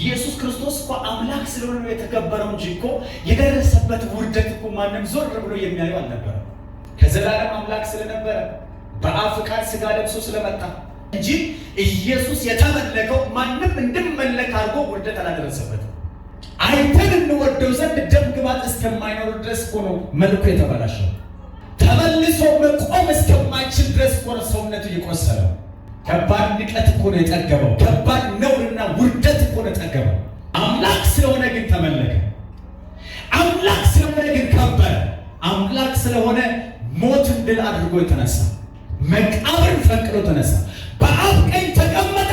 ኢየሱስ ክርስቶስ እኮ አምላክ ስለሆነ ነው የተከበረው እንጂ እኮ የደረሰበት ውርደት እኮ ማንም ዞር ብሎ የሚያየው አልነበረም። ከዘላለም አምላክ ስለነበረ በአፍ ቃል ስጋ ለብሶ ስለመጣ እንጂ ኢየሱስ የተመለከው ማንም እንድመለክ አድርጎ ውርደት አላደረሰበትም። አይተን እንወደው ዘንድ ደም ግባት እስከማይኖር ድረስ ሆኖ መልኩ የተበላሸው ተመልሶ መቆም እስከማይችል ድረስ ሆነ ሰውነቱ የቆሰለው። ከባድ ንቀት እኮ ነው የጠገበው። ከባድ ነው እና ውርደት ሆነ ጠገበ። አምላክ ስለሆነ ግን ተመለከ። አምላክ ስለሆነ ግን ከበረ። አምላክ ስለሆነ ሞትን ድል አድርጎ የተነሳ መቃብርን ፈቅዶ ተነሳ። በአብ ቀኝ ተቀመጠ።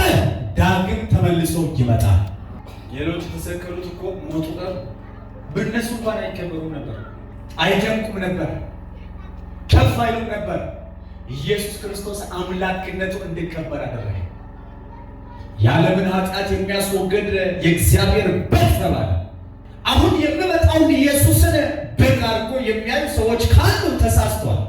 ዳግም ተመልሶ ይመጣል። ሌሎች የተሰቀሉት እኮ ሞቱ ቀር ብነሱ እንኳን አይከበሩ ነበር፣ አይደምቁም ነበር፣ ከፍ አይሉም ነበር። ኢየሱስ ክርስቶስ አምላክነቱ እንዲከበር አደረገ። የዓለምን ኃጢአት የሚያስወግድ የእግዚአብሔር በግ ተባለ። አሁን የምመጣውን ኢየሱስን በግ አድርጎ የሚያዩ ሰዎች ካሉ ተሳስቷል።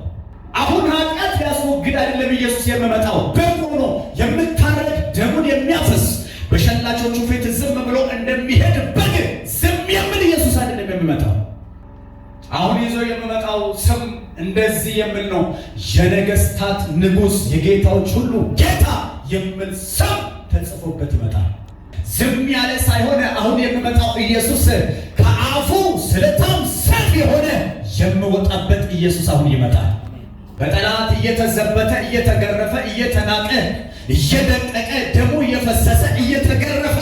አሁን ኃጢአት ያስወግድ አይደለም ኢየሱስ የምመጣው በግ ሆኖ የምታረግ ደሙን የሚያፈስ በሸላቾቹ ፊት ዝም ብሎ እንደሚሄድ በግ ዝም የምል ኢየሱስ አይደለም የምመጣው። አሁን ይዞ የምመጣው ስም እንደዚህ የምል ነው፣ የነገስታት ንጉሥ የጌታዎች ሁሉ ጌታ የምል ስም ተጽፎበት ይመጣል። ዝም ያለ ሳይሆን አሁን የሚመጣው ኢየሱስ ከአፉ ስለታም ሰፍ የሆነ የምወጣበት ኢየሱስ አሁን ይመጣል። በጠላት እየተዘበተ እየተገረፈ እየተናቀ እየደቀቀ ደሙ እየፈሰሰ እየተገረፈ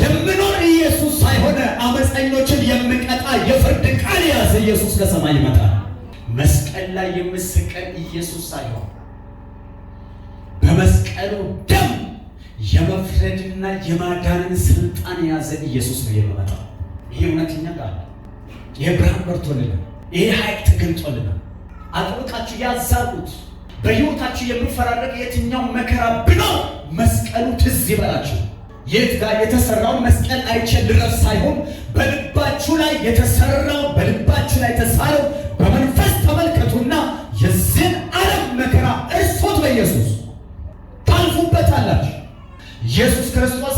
የምኖር ኢየሱስ ሳይሆን አመፀኞችን የሚቀጣ የፍርድ ቃል የያዘ ኢየሱስ ለሰማይ ይመጣል። መስቀል ላይ የምስቀል ኢየሱስ ሳይሆን በመስቀሉ ደም የመፍረድና የማዳንን ስልጣን የያዘ ኢየሱስ ነው የሚመጣው። ይሄ እውነተኛ ቃል፣ ይሄ ብርሃን በርቶልናል። ይሄ ኃይል ተገልጦልናል። አጥብቃችሁ ያዛሉት በሕይወታችሁ የምፈራረቅ የትኛው መከራ ብሎ መስቀሉ ትዝ ይበላችሁ። የት ጋር የተሰራው መስቀል አይቼ ልረፍ ሳይሆን በልባችሁ ላይ የተሰራው በልባችሁ ላይ ተሳለው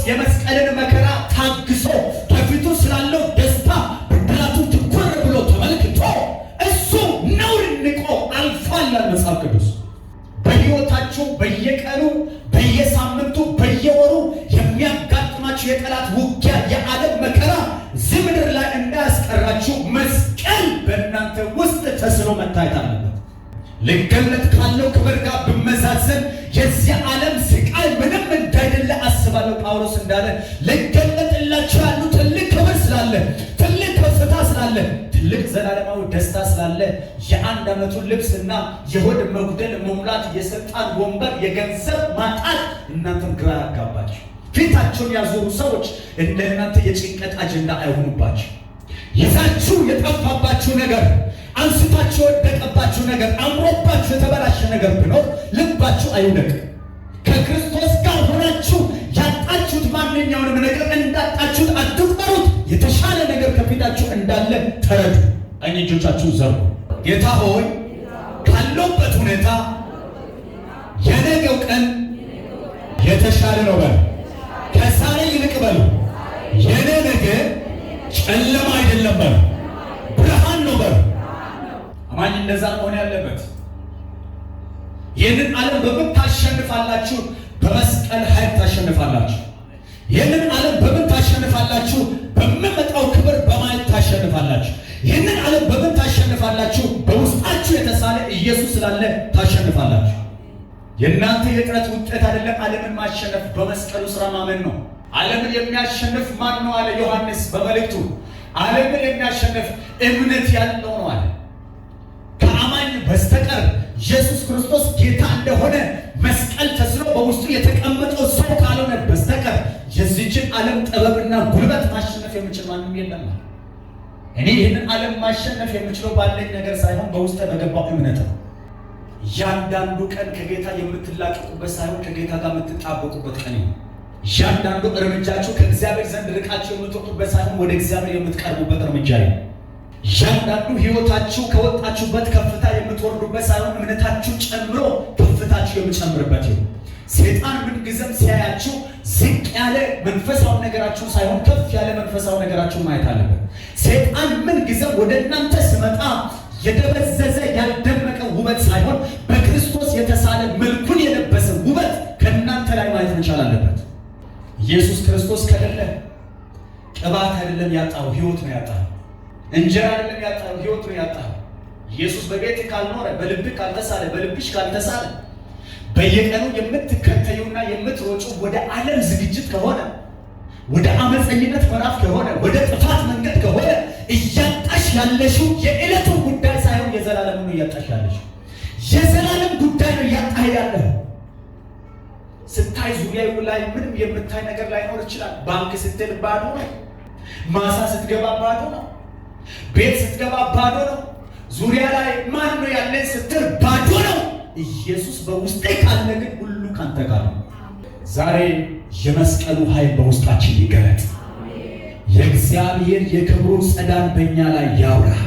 የመስቀልን መከራ ታግሶ ከፊቱ ስላለው ደስታ ብድራቱ ትኩር ብሎ ተመልክቶ እሱ ነውር ንቆ አልፏላል። መጽሐፍ ቅዱስ በሕይወታችሁ በየቀኑ በየሳምንቱ በየወሩ የሚያጋጥማችሁ የጠላት ውጊያ፣ የዓለም መከራ እዚህ ምድር ላይ እንዳያስቀራችሁ መስቀል በእናንተ ውስጥ ተስሎ መታየት አለበት። ልገለት ካለው ክብር ጋር ብመዛዘን የዚህ ዓለም ስቃ ላይ ምንም እንዳይደለ አስባለሁ። ጳውሎስ እንዳለ ልገለጥላችሁ ያሉ ትልቅ ክብር ስላለ፣ ትልቅ ከፍታ ስላለ፣ ትልቅ ዘላለማዊ ደስታ ስላለ የአንድ ዓመቱን ልብስና የሆድ መጉደል መሙላት፣ የስልጣን ወንበር፣ የገንዘብ ማጣት እናንተን ግራ ያጋባችሁ ፊታቸውን ያዞሩ ሰዎች እንደ እናንተ የጭንቀት አጀንዳ አይሆኑባችሁ። ይዛችሁ የጠፋባችሁ ነገር፣ አንስታችሁ የወደቀባችሁ ነገር፣ አምሮባችሁ የተበላሸ ነገር ቢኖር ልባችሁ አይውደቅ። ከክርስቶስ ጋር ሆናችሁ ያጣችሁት ማንኛውንም ነገር እንዳጣችሁት አትቁጠሩት። የተሻለ ነገር ከፊታችሁ እንዳለ ተረዱ። አይን እጆቻችሁ ዘሩ። ጌታ ሆይ ካለውበት ሁኔታ የነገው ቀን የተሻለ ነው በሉ። ከዛሬ ይልቅ በሉ የኔ ነገ ጨለማ አይደለም በሉ፣ ብርሃን ነው በሉ። አማኝ እንደዛ መሆን ያለበት ይህንን ዓለም በምን ታሸንፋላችሁ? በመስቀል ኃይል ታሸንፋላችሁ። ይህንን ዓለም በምን ታሸንፋላችሁ? በምመጣው ክብር በማየት ታሸንፋላችሁ። ይህንን ዓለም በምን ታሸንፋላችሁ? በውስጣችሁ የተሳለ ኢየሱስ ስላለ ታሸንፋላችሁ። የእናንተ የጥረት ውጤት አይደለም ዓለምን ማሸነፍ፣ በመስቀሉ ስራ ማመን ነው። ዓለምን የሚያሸንፍ ማን ነው አለ ዮሐንስ በመልእክቱ። ዓለምን የሚያሸንፍ እምነት ያለው ነው አለ ከአማኝ በስተቀር ኢየሱስ ክርስቶስ ጌታ እንደሆነ መስቀል ተስሎ በውስጡ የተቀመጠው ሰው ካልሆነ በስተቀር የዚችን ዓለም ጥበብና ጉልበት ማሸነፍ የምችል ማንም የለም። እኔ ይህንን ዓለም ማሸነፍ የምችለው ባለኝ ነገር ሳይሆን በውስጥ በገባው እምነት ነው። እያንዳንዱ ቀን ከጌታ የምትላቀቁበት ሳይሆን ከጌታ ጋር የምትጣበቁበት ቀን ነው። እያንዳንዱ እርምጃችሁ ከእግዚአብሔር ዘንድ ርቃችሁ የምትወጡበት ሳይሆን ወደ እግዚአብሔር የምትቀርቡበት እርምጃ ነው። እያንዳንዱ ህይወታችሁ ከወጣችሁበት ከፍታ የምትወርዱበት ሳይሆን እምነታችሁ ጨምሮ ከፍታችሁ የምጨምርበት ይሁን። ሴጣን ምንጊዜም ሲያያችሁ ዝቅ ያለ መንፈሳዊ ነገራችሁ ሳይሆን ከፍ ያለ መንፈሳዊ ነገራችሁ ማየት አለበት። ሴጣን ምንጊዜም ወደ እናንተ ስመጣ የደበዘዘ ያልደመቀ ውበት ሳይሆን በክርስቶስ የተሳለ መልኩን የለበሰ ውበት ከእናንተ ላይ ማየት መቻል አለበት። ኢየሱስ ክርስቶስ ከሌለ ቅባት አይደለም ያጣው፣ ህይወት ነው ያጣው። እንጀራ አይደለም ያጣኸው፣ ህይወት ነው ያጣኸው። ኢየሱስ በቤት ካልኖረ፣ በልብ ካልተሳለ፣ በልብሽ ካልተሳለ፣ በየቀኑ የምትከተዩና የምትሮጩ ወደ ዓለም ዝግጅት ከሆነ፣ ወደ አመፀኝነት ምዕራፍ ከሆነ፣ ወደ ጥፋት መንገድ ከሆነ እያጣሽ ያለሽው የዕለቱ ጉዳይ ሳይሆን የዘላለም ነው እያጣሽ ያለሽው የዘላለም ጉዳይ ነው እያጣህ ያለህ። ስታይ ዙሪያ ላይ ምንም የምታይ ነገር ላይኖር ይችላል። ባንክ ስትል ባዶ ነው። ማሳ ስትገባ ባዶ ነው። ቤት ስትገባ ባዶ ነው። ዙሪያ ላይ ማን ነው ያለን ስትል ባዶ ነው። ኢየሱስ በውስጤ ካለ ግን ሁሉ ካንተ ጋር ነው። ዛሬ የመስቀሉ ኃይል በውስጣችን ይገለጥ። የእግዚአብሔር የክብሩ ጸዳን በእኛ ላይ ያውራ።